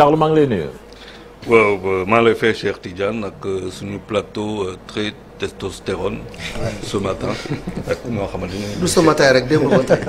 Charles maa ngi lay nuyu. waaw maa lay fay Cheikh Tidiane ak euh, suñu plateau euh, très testostérone. ce matin ak ñoo xamante ne. du ce matin rek démb ba tey.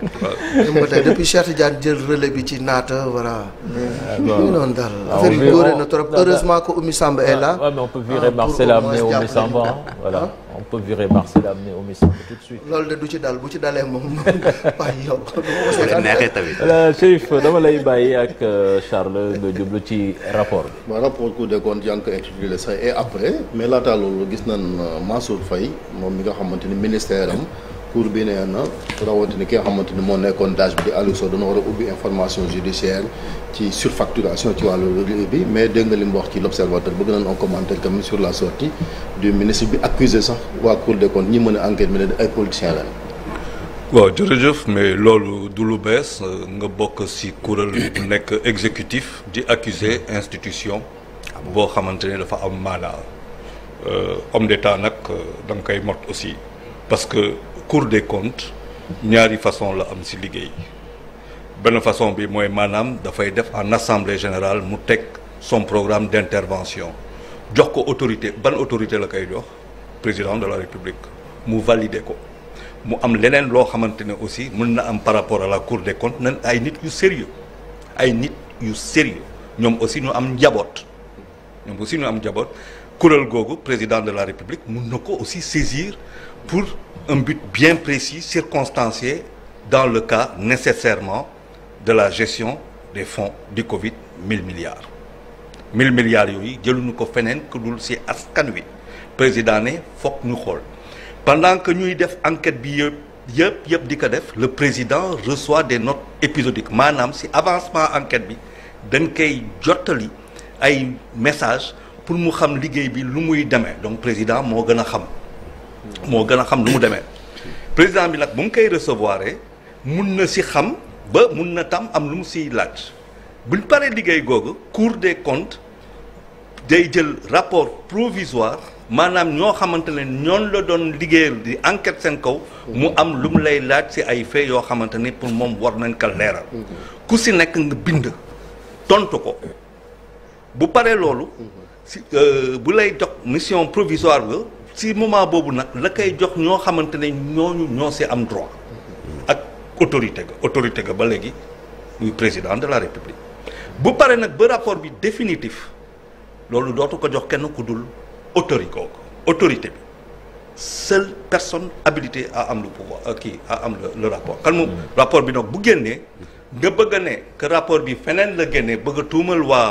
démb ba tey depuis Cheikh Tidiane jël relais bi ci naata voilà. waaw ah, ñu noonu daal. Ah, affaire bi góore na trop heureusement que Oumy Samba est là. waaw mais on peut virer ah, Marcel amener Oumy peut virer Marcel amener de loolu du ci dal bu ci dalee moom waaye yow. bu euh, Chérif dama lay bàyyi ak euh, Charles nga jublu ci rapport bi. waaw rapport Cour des comptes et après mais laata loolu gis nañ euh, Mansour Faye moom mi nga xamante ni ministère am. cour bi nee na rawatina ki nga xamante ni moo nekkoon dage bi di Aliou Sow dana war a ubbi information judiciaire ci surfacturation ci wàllu liggéey bi mais dégg nga li mu wax ci l' observateur bëgg nañ un commentaire quand même sur la sortie du ministre bi accusé sax waa cour des comptes ñi mën a enquête bi ne ay politiciens lañ. waaw jërëjëf mais loolu du lu bees nga bokk si kuréel bu nekk exécutif di accuser institution boo xamante ne dafa am maanaa euh, homme d'état nag euh, da koy mot cour des comptes ñaari façon la am si liggéey benn façon bi mooy maanaam dafay def en assemblée générale mu teg son programme d' intervention jox ko autorité ban autorité la koy jox président de la république mu valider ko mu am leneen loo xamante ne aussi mën na am par rapport à la cour de comptes nan ay nit yu sérieux ay nit yu sérieux ñoom aussi ñu am njaboot ñoom aussi ñu am njaboot kuréel googu président de la république mun na ko aussi saisir pour un but bien précis circonstancié dans le cas nécessairement de la gestion des fonds du Covid 1000 milliards. 1000 milliards yooyu jëluñu ko feneen ku dul ci askan wi président ne fokk ñu xool pendant que ñuy def enquête bi yëpp yëpp yëpp di ko def le président reçoit des notes épisodiques maanaam si avancement enquête bi dañ koy jottali ay message pour mu xam liggéey bi lu muy demee donc président moo gën a xam moo gën a xam lu mu demee président bi nag bu mu koy recevoir mun na si xam ba mun na tam am lu mu siy laaj buñ paree liggéey googu cour de comptes day jël rapport provisoire maanaam ñoo xamante ne ñoon la doon liggéeyal di enquête seen kaw mu am lu mu lay laaj si ay fait yoo xamante ni pour moom war nañ ko leeral ku si nekk nga bind tontu ko bu paree loolu si euh, bu lay jox mission provisoire ba si moment boobu nag la koy jox ñoo xamante ne ñooñu ñoo si am droit ak autorité ga autorité ga ba léegi muy président de la république bu pare nag ba rapport bi définitif loolu dootu ko jox kenn ku dul autorité autorité bi seule personne habilitée à am le pouvoir kii euh, a am le rapport kan moom rapport bi nag bu génnee nga bëgg ne que rapport bi feneen la génnee bëgg a tuumal waa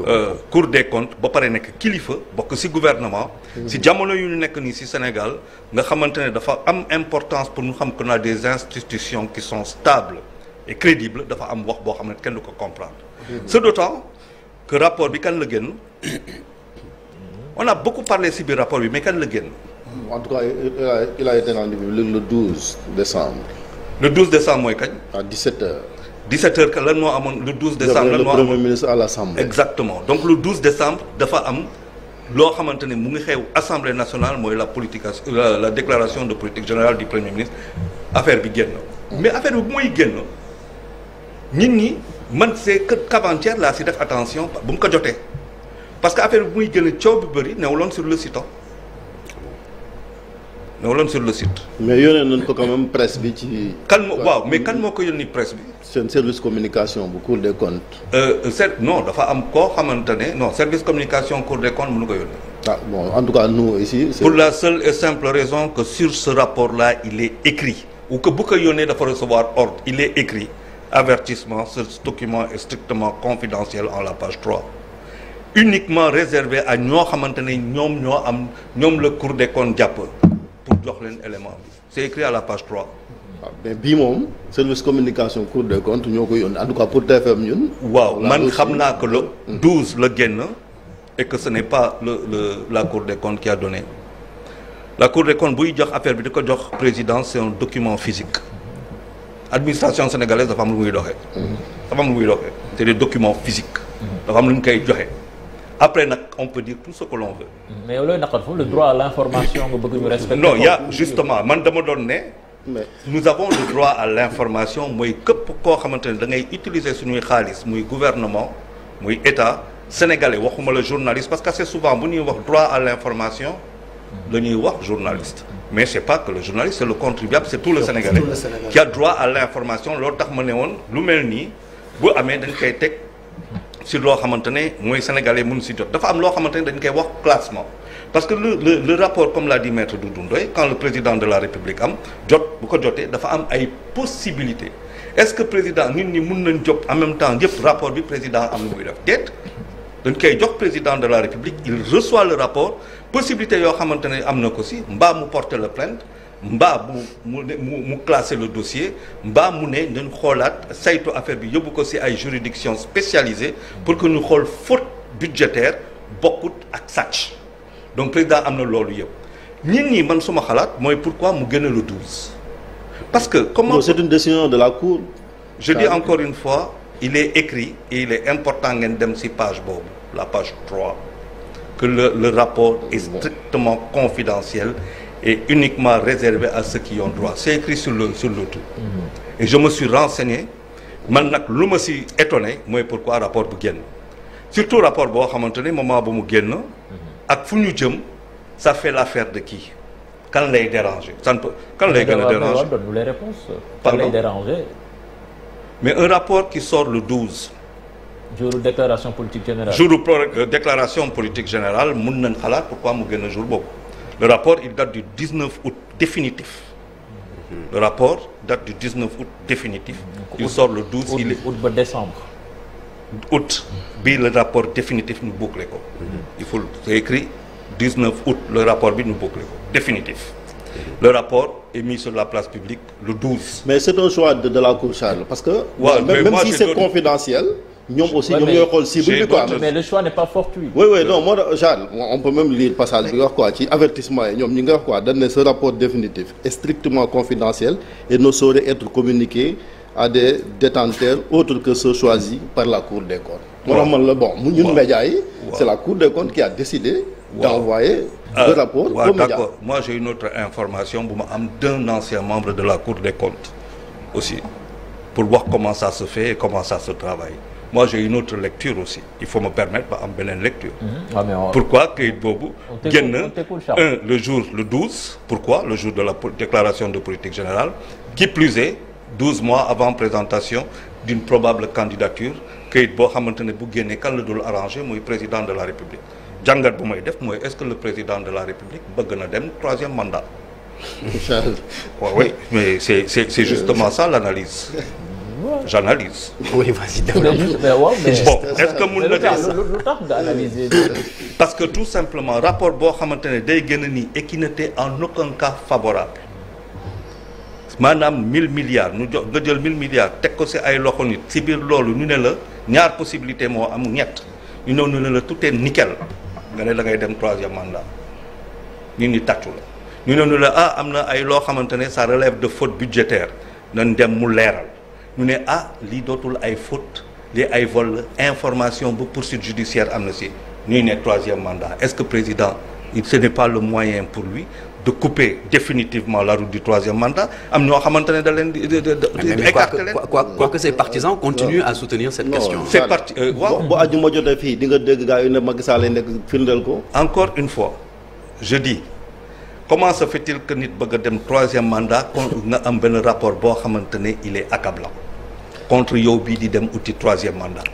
Euh, cour des comptes ba pare nekk kilifa bokk ci gouvernement mhm. ci jamono yu ñu nekk nii ci Sénégal nga xamante ne dafa am importance pour ñu xam qu'on a des institutions qui sont stables et crédibles dafa am wax boo xam ne kenn du ko comprendre mhm. c'est d'autant que rapport bi kan la génn on a beaucoup parlé ci biir rapport bi mais kan la génn en tout cas il a été rendu public le 12 décembre le décembre mooy kañ à 17 heures 17 heures que lan moo amoon le 12 décembre. lan moo amoon premier ministre à l'Assemblée. exactement donc le 12 décembre dafa am loo xamante ne mu ngi xew assemblée nationale mooy la politique la, la déclaration de politique générale du premier ministre affaire bi génn. mais affaire bi bu muy génn nit ñi man c'est que qu'avant-hier laa si def attention bu mu ko jotee parce que affaire bi bu muy génn coow bi bëri newuloon sur le site ñoo leen sur le site. mais yónnee nañ ko quand même bi ci. kan moo waaw mais kan moo ko yónni presse bi. seen service communication bu cour des comptes. Euh, euh, non dafa am koo xamante ne non service communication cour des comptes mënu ko yónnee. ah bon en tout cas nous ici. pour la seule et simple raison que sur ce rapport la il est écrit ou que bu ko yónnee dafa recevoir ordre il est écrit avertissement ce document est strictement confidentiel en la page 3. uniquement réservé à ñoo xamante ne ñoom ñoo am ñoom la cour des comptes jàpp. pour jox leen élément bi c'est écrit à la page 3. waaw ah, mais bii moom service communication Cour des comptes ñoo ko yónnee en tout waaw man xam naa ko le 12 hmm. la génn e que ce n'est pas le le la Cour de comptes qui a donné la Cour des comptes buy jox affaire bi di ko jox président c'est un document physique administration sénégalaise dafa am muy doxee. Hmm. dafa am lu muy doxee c'est des documents physiques. Hmm. dafa am lu ñu koy joxe. après nag on peut dire tout à l'information nga bëgg ñu justement man dama doon ne. avons le droit à l'information mooy képp koo xamante ne da ngay utiliser suñuy xaalis muy gouvernement muy état sénégalais waxuma la journaliste parce que souvent bu ñuy wax droit à l'information la ñuy wax journaliste. mais c'est pas que le journaliste c'est le contribuable c'est tout le sénégalais qui a droit à l'information loolu tax ma ne woon lu mel nii bu amee dañ koy teg. si loo xamante ne mooy sénégalais mun si jot dafa am loo xamante ne dañ koy wax classement parce que le le le rapport comme l'a dit maître Doudou Ndoye quand le président de la république am jot bu ko jotee dafa am ay possibilités est-ce que président nit ñi mun nañ jóg en même temps yëpp rapport bi président am na muy def dañ koy jox président de la république il reçoit le rapport possibilité yoo xamante ne am na ko si mbaa mu porter la plainte mbaa mu mu mu classé le dossier mbaa mu ne nañ xoolaat saytu affaire bi yóbbu ko ci ay juridiction spécialisée pour que nu xool faute budgétaire bokkut ak sàcc donc président am na loolu yëpp ñit ñi man suma xalaat mooy pourquoi mu génne le parce que comment c'est une décision de la cour je dis encore une fois il est écrit et il est important ngeen dem si page boobu la page 3 que le, le rapport est strictement confidentiel est uniquement réservé à ceux qui ont droit c'est écrit sur le tout mhm. et je me suis renseigné man nag lu ma si étonné mooy pourquoi rapport bu génn surtout rapport boo xamante ne moment bu mu génn ak fu ñu jëm ça fait l'affaire de qui kan lay déranger ça ne peut kan lay gën mais un rapport qui sort le 12 jour déclaration politique générale jour euh, déclaration politique générale mun nañ xalaat pourquoi mu génn jour boobu Le rapport, il date du 19 août définitif. Le rapport date du 19 août définitif. Donc, il sort le 12. Août, il est... août ba décembre. août bi le rapport définitif ñu boucler ko. il faut c'est écrit 19 août le rapport bi ñu boucler ko définitif. le rapport est mis sur la place publique le 12. mais c'est un choix de la cour Charles parce que. waaw ouais, même, si c'est confidentiel. ñoom aussi ñoom ñooy xool cible bi quoi mais le choix n'est pas fortuit. oui oui non moo tax on peut même lire passage bi avertissement yi ñoom ñi nga wax quoi dañ ne ce rapport définitif est strictement confidentiel et ne saurait être communiqué à des détenteurs autres que ceux choisis par la Cour des comptes. moo tax man la bon ñun médias yi. c'est la Cour des comptes qui a décidé. d'envoyer le euh, rapport aux médias. j'ai une autre information bu ma am d'un ancien membre de la Cour des comptes aussi pour wax comment ça moi j'ai une autre lecture aussi il faut me permettre ba am beneen lecture mhm. ah, pourquoi kayit boobu génn le jour le 12 pourquoi le jour de la déclaration de politique générale qui plus est 12 mois avant présentation d'une probable candidature kayit boo xamante ne bu génnee kan la dul président de la république jàngat bu may def mooy est-ce que le président de la république bëgg na dem troisième mandat waaw oui mais c'est justement ça l'analyse j'analyse. oui vas-y bon est-ce que mun na. lu tax parce que tout simplement rapport boo xamante ne day gën a nii et qui n'était en aucun cas favorable maanaam 1000 milliards ñu jox nga jël 1000 milliards teg ko si ay loxo nit ci biir loolu ñu ne la ñaar possibilité moo amul ñett ñu ñëw ñu ne la tout est nga ne da ngay dem troisième mandat nit ñi tàccu la. ñu ne ñu la ah am na ay loo xamante ne ça relève de faute budgétaire nañ dem mu leeral. ñu ne ah lii dootul ay faute lii ay vol information bu poursuite judiciaire am na si ñuy ne troisième mandat est-ce que président ce n'est pas le moyen pour lui de couper définitivement la route du troisième mandat am ñoo xamante ne da leen di. écarté leen quoi quoi que ces partisans continuent à soutenir cette question. non c'est parti euh, waaw aju ma jotee fii di nga dégg gars yi ne Macky Sall nekk firndeel ko. encore une fois je dis. comment se fait-il que nit bëgg a dem troisième mandat kon nga am benn rapport boo xamante ne il est accablant contre yow bii di dem uti troisième mandat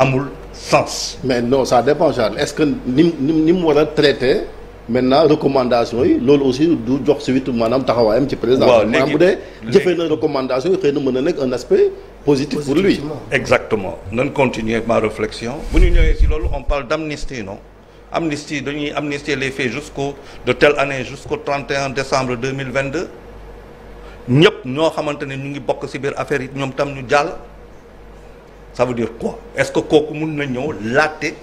amul sens mais non ça dépend Charles est-ce que ni ni ni mu war a traité maintenant recommandation yi loolu aussi du jox suite maanaam taxawaayam ci président waaw léegi bu dee jëfee na recommandation yi xëy na mën a nekk un aspect positif pour lui exactement nan continuer ma réflexion bu ñu ñëwee si loolu on parle d'amnistie non amnistie dañuy amnistier les faits jusqu'au de telle année jusqu'au 31 décembre 2022 ñëpp ñoo xamante ne ñu ngi bokk ci biir affaire yi ñoom tam ñu jàll ça veut dire quoi est-ce que kooku mun na ñëw laajte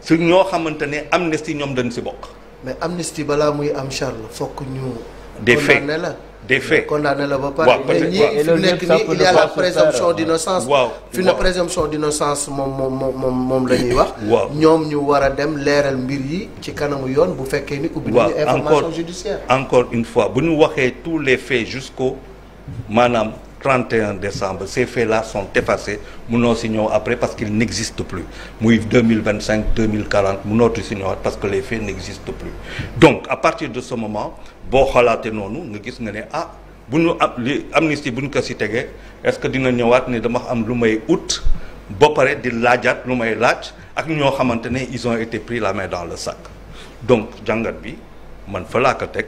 su ñoo xamante ne amnistie ñoom dañu ci bokk mais amnistie balaa muy am Charles fokk ñu des faits la des faits. condamné la ba pare. waaw parce que ñii fi mu nekk nii il y a la moom moom la ñuy wax. waaw ñoom ñu war a dem leeral mbir yi ci kanamu yoon bu fekkee ni. ubbi nañu encore une fois bu ñu waxee tous les faits jusqu'au maanaam. 31 décembre ces faits-là sont effacés munoo si ñëw après parce qu'ils n'existent plus muy 2025 2040 munoo si ñëwaat parce que les faits n'existent plus donc à partir de ce moment boo xalaatee noonu nga gis nga ne ah bu ñu am li amnistie bu ñu ko si tegee est-ce que dina ñëwaat ni dama am lu may ut ba pare di laajaat lu may laaj ak ñoo xamante ne ils ont été pris la main dans le sac donc jàngat bi man fa laa teg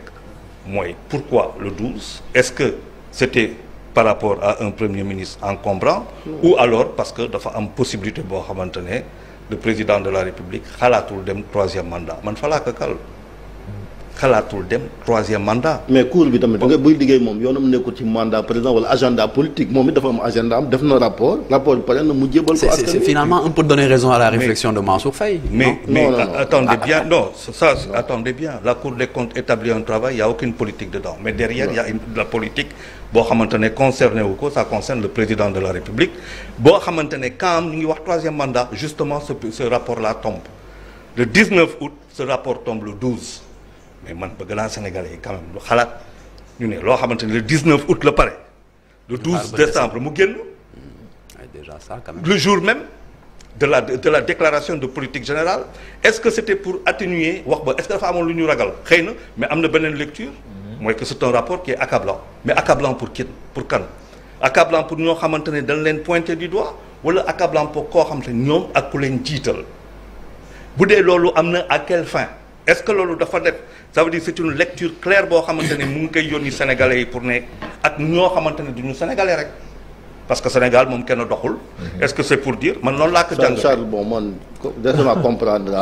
mooy pourquoi le 12 est-ce que c'était par rapport à un premier ministre encombrant ou alors parce que dafa am possibilité boo xamante ne le président de la république xalaatul dem troisième mandat man fa laa ko kal xalaatul dem troisième mandat. mais cour liggéey moom yoonam nekkul ci mandat président wala agenda politique moom it dafa am agenda am def na rapport rapport bi pare na mu jébal ko. askan c'est finalement un peu donner a aucune politique dedans président de la République boo xamante ne quand ñu ngi wax troisième mandat justement ce ce rapport là tombe le 19 août man bëgg naa Sénégalais yi quand lu xalaat ñu ne loo xamante ne le 19 août la pare. le 12 décembre mu génn. Mm. déjà ça quand même. le jour même de la de la déclaration de politique générale est-ce que c'était pour atténuer wax ba est-ce que dafa amoon lu ñu ragal xëy na mais am na beneen lecture. Mm. mooy que c'est un rapport qui est accablant mais accablant pour kin pour kan accablant pour ñoo xamante ne dañ leen pointer du doigt wala accablant pour koo xamante ne ñoom ak ku leen jiital bu dee loolu am na à quelle est-ce que loolu dafa def ça veut dire c'est une lecture claire boo xamante ne mu ngi koy yónni sénégalais yi pour ne ak ñoo xamante ne duñu sénégalais rek parce que Sénégal moom kenn doxul. Mhm. est-ce que c'est pour dire man noonu laa ko. jàng man désormais comprendre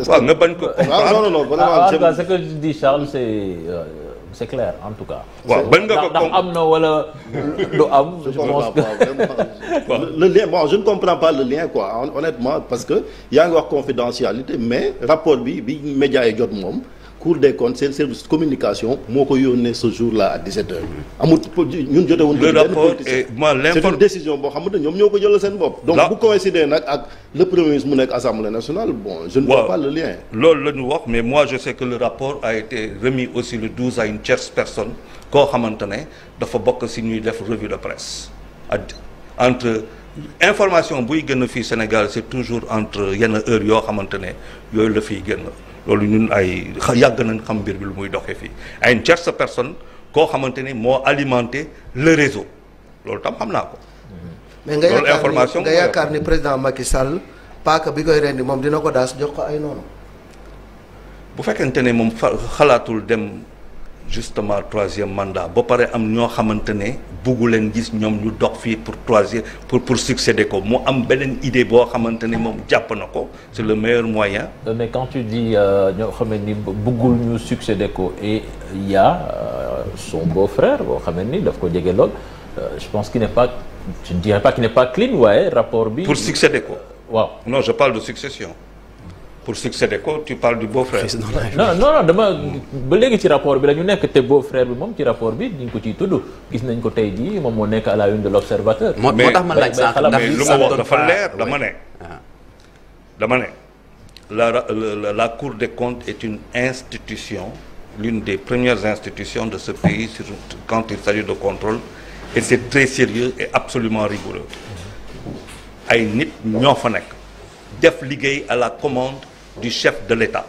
waaw nga bañ ko. comprendre ah, non non non vraiment. ah Charles c'est euh, c'est clair en tout cas. waaw bañ nga ko ndax am na wala du am. je pense que le lien bon je ne comprends pas le lien quoi honnêtement parce que yaa ngi wax confidentialité mais rapport bi bi média yi jot moom. cour des comptes seen service communication moo ko yónnee ce jour là à 17h. amul ñun jote woon. le rapport et c'est une décision boo xamante ne ñoom ñoo ko jëlal seen bopp. donc bu coïncider nag ak le premier ministre mu nekk assemblée nationale bon. je ne vois le lien. loolu la ñu wax mais moi je sais que le rapport a été remis aussi le 12 à une tierce personne koo xamante ne dafa bokk si ñuy def revue de presse ak entre. information buy gën a fii Sénégal c'est toujours entre yenn heure yoo xamante ne yooyu la fiy gën loolu ñun ay yàgg nañ xam mbir bi lu muy doxe fii ay une sa personne koo xamante ni moo alimenté le réseau loolu tam xam naa ko. mais nga yaakaar nga yaakaar ni président Macky Sall paaka bi koy rendi moom dina ko daas jox ko ay noonu. bu fekkente ne moom xalaatul dem. justement troisième mandat ba pare am ñoo xamante ne buggu leen gis ñoom ñu dox fii pour troisième pour pour succéder ko mu am beneen idée boo xamante ne moom jàpp na ko c'est le meilleur moyen. Euh, mais quand tu dis euh, ñoo xam ne ni buggul ñu succéder ko et il y a euh, son beau-frère boo xam ne ni daf ko jege je pense qu'il n'est pas je ne dirais pas qu'il n'est waaye rapport bi. pour succéder ko. waaw non je parle de succession. pour succéder ko tu parles du beau-frère. non non non dama ba léegi ci rapport bi la ñu nekk te beau-frère bi moom ci rapport bi ñu ngi ko ciy tudd gis nañ ko tey jii moom moo nekk à la une de l'observateur. moo dama ne. Ah. dama ne la la la Cour des comptes est une institution l'une des premières institutions de ce pays surtout quand il s'agit de contrôle et c'est très sérieux et absolument rigoureux ay nit ñoo fa nekk def liggéey à la commande. du chef de l'État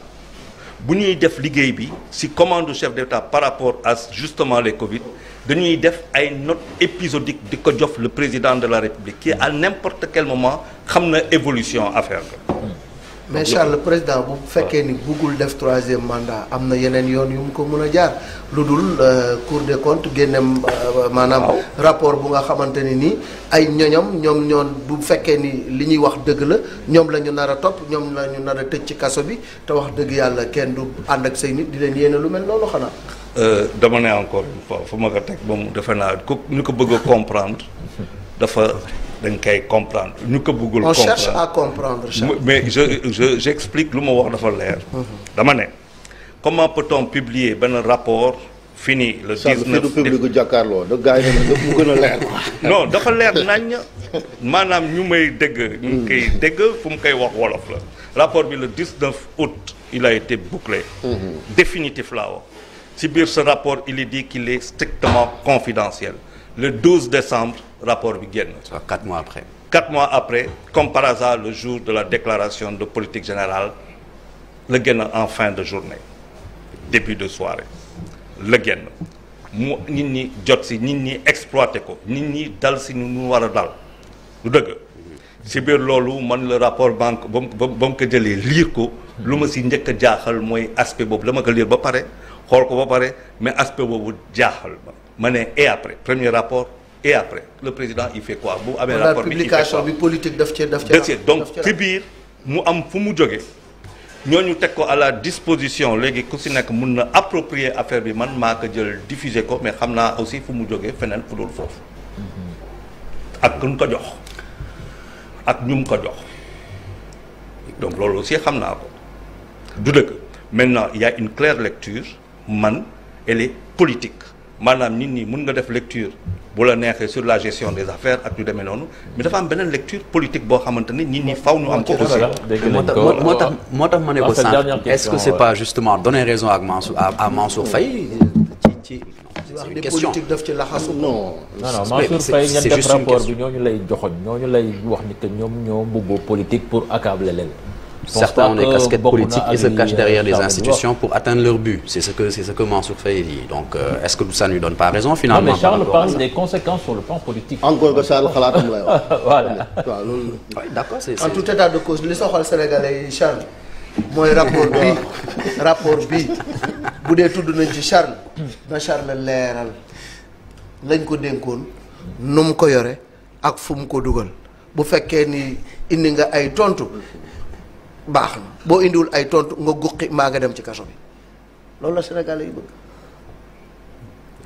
bu ñuy def liggéey bi ci commande du chef d'État par rapport à justement les Covid dañuy def ay notes épisodiques di ko jof le président de la République qui à n'importe quel moment xam na évolution affaire bi mais Charles le président bu fekkee ni buggul def troisième mandat am na yeneen yoon yu mu ko mën a jaar lu dul euh, cour des comptes génne euh, maanaam rapport bu nga xamante ni nii ay ñoñam ñoom ñoon bu fekkee ni li ñuy wax dëgg la ñoom la ñu nar a topp ñoom la ñu a tëj ci kaso bi te wax dëgg yàlla kenn du ànd ak say nit di leen yéene lu mel noonu xanaa euh, dama ne encore une fu ma ko teg moom defe naa ko ñu ko bëgg a comprendre dafa dañ koy comprendre ñu ko bëggul. comprendre on à comprendre. mais je je j'explique lu ma wax dafa leer. dama ne comment peut-on publier benn rapport. fini le 19 public jàkkaarloo da gars yi mu gën a leer quoi. non dafa leer nañ maanaam ñu may dégg. ñu koy dégg fu mu koy wax wolof la. rapport bi le 19 août il a été bouclé. définitif laa wax. biir ce rapport il est dit qu'il est strictement confidentiel le décembre. rapport bi génn. soit quatre mois après. quatre mois après comme par hasard le jour de la déclaration de politique générale la génn en fin de journée début de soirée la génn mu nit ñi jot si nit ñi exploité ko nit ñi dal si nu mu war a dal lu dëgg si biir loolu mën la rapport banque ba mu ba ko jëlee liir ko lu ma si njëkk jaaxal mooy aspect boobu dama ko liir ba pare xool ko ba pare mais aspect boobu jaaxal ma ma ne et après premier rapport. et après le président il fait quoi bu amee rapport bi publication bi politique daf cee daf cee donc ci biir mu am fu mu jóge ñooñu teg ko à la disposition léegi ku si nekk mun na approprier affaire bi man maa ko jël diffuser ko mais xam naa aussi fu mu jógee feneen fu dul foofu ak ñu ko jox ak ñu mu ko jox donc loolu aussi xam naa ko du dëgg maintenant il y a une claire lecture man elle est politique maanaam nit ñi mun nga def lecture bu la neexee sur la gestion des affaires ak lu demee noonu mais dafa am beneen lecture politique boo xamante ni nit ñi faw ñu am ko aussi moo tax moo tax ma ne ko sànq est-ce que c'est pas justement donner raison ak Mansour à Mansour Faye euh, ci c'est une question daf ci laxasu non non Mansour Faye ngeen def rapport bi ñooñu lay joxoñ ñooñu lay wax ni que ñoom ñoo mbubboo politique pour accabler leen Certains ont des casquettes politiques et se cachent derrière les institutions pour atteindre leur but. C'est ce que, c'est que Mansour Faye dit. Donc, euh, est-ce que ça ne lui donne pas raison finalement Non, mais Charles parle bi bu dee nañ ci Charles na Charles lañ ko dénkoon nu mu ko yore ak fu mu ko dugal bu fekkee ni indi nga ay tontu. baax boo indiwul ay tontu nga guqi mbaa nga dem ci kaso bi loolu la Sénégalais yi bëgg.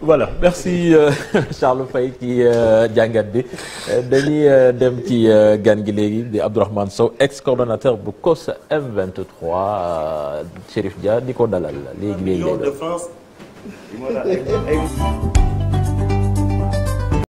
voilà merci euh, Charles Faye ci euh, jàngat bi euh, dañuy euh, dem ci gan gi léegi di Abdourahmane Sow ex coordonnateur bu COS M23 Chérif Dia di ko dalal léegi léegi.